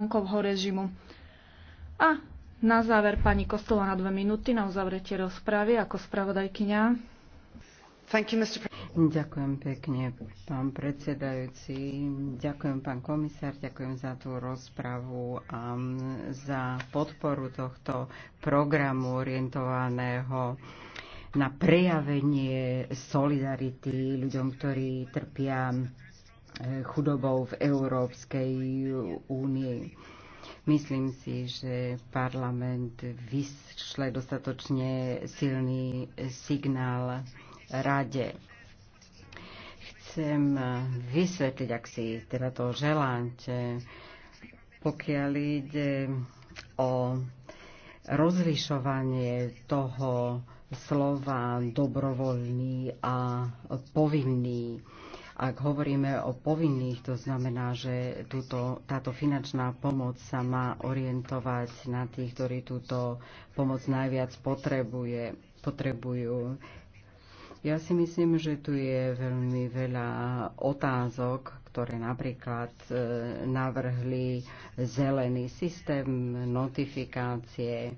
bankovho režimu. A na záver pani Kostola na dve minúty na uzavretie rozpravy ako spravodajkyňa. Thank you, Mr. Ďakujem pekne, pán predsedajúci. Ďakujem, pán komisár, ďakujem za tú rozpravu a za podporu tohto programu orientovaného na prejavenie solidarity ľuďom, ktorí trpia chudobou v Európskej únii. Myslím si, že parlament vyšle dostatočne silný signál rade. Chcem vysvetliť, ak si teda to želáte, pokiaľ ide o rozlišovanie toho slova dobrovoľný a povinný. Ak hovoríme o povinných, to znamená, že túto, táto finančná pomoc sa má orientovať na tých, ktorí túto pomoc najviac potrebuje, potrebujú. Ja si myslím, že tu je veľmi veľa otázok, ktoré napríklad e, navrhli zelený systém notifikácie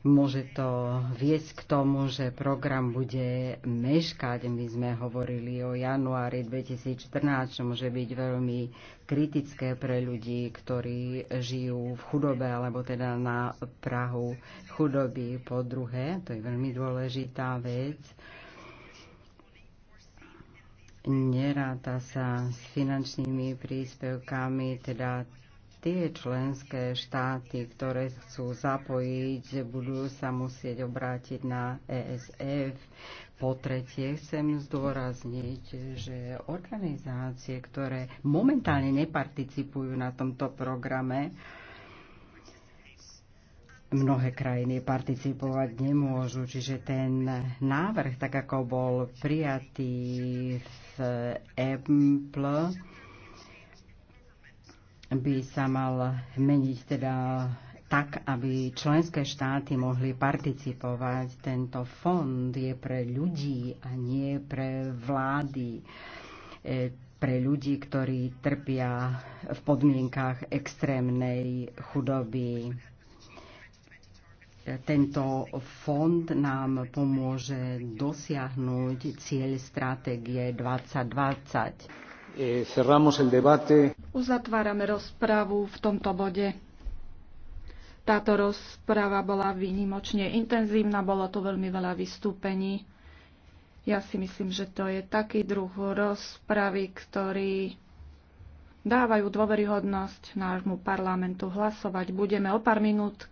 Môže to viesť k tomu, že program bude meškať. My sme hovorili o januári 2014, čo môže byť veľmi kritické pre ľudí, ktorí žijú v chudobe alebo teda na Prahu chudoby. Po druhé, to je veľmi dôležitá vec, neráta sa s finančnými príspevkami, teda Tie členské štáty, ktoré chcú zapojiť, budú sa musieť obrátiť na ESF. Po tretie chcem zdôrazniť, že organizácie, ktoré momentálne neparticipujú na tomto programe, mnohé krajiny participovať nemôžu. Čiže ten návrh, tak ako bol prijatý v EMPL, by sa mal meniť teda tak, aby členské štáty mohli participovať. Tento fond je pre ľudí a nie pre vlády. E, pre ľudí, ktorí trpia v podmienkách extrémnej chudoby. Tento fond nám pomôže dosiahnuť cieľ stratégie 2020. Eh, Uzatvárame rozprávu v tomto bode. Táto rozpráva bola výnimočne intenzívna, bolo to veľmi veľa vystúpení. Ja si myslím, že to je taký druh rozpravy, ktorý dávajú dôveryhodnosť nášmu parlamentu hlasovať. Budeme o pár minút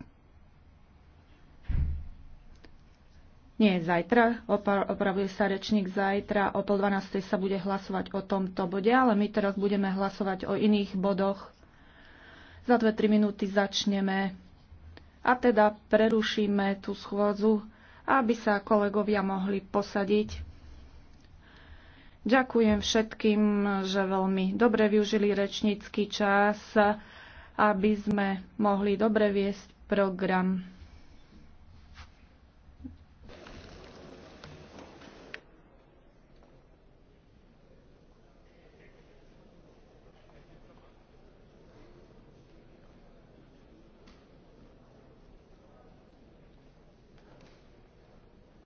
Nie, zajtra, opravuje sa rečník zajtra, o pol 12. sa bude hlasovať o tomto bode, ale my teraz budeme hlasovať o iných bodoch. Za 2-3 minúty začneme a teda prerušíme tú schôdzu, aby sa kolegovia mohli posadiť. Ďakujem všetkým, že veľmi dobre využili rečnícky čas, aby sme mohli dobre viesť program.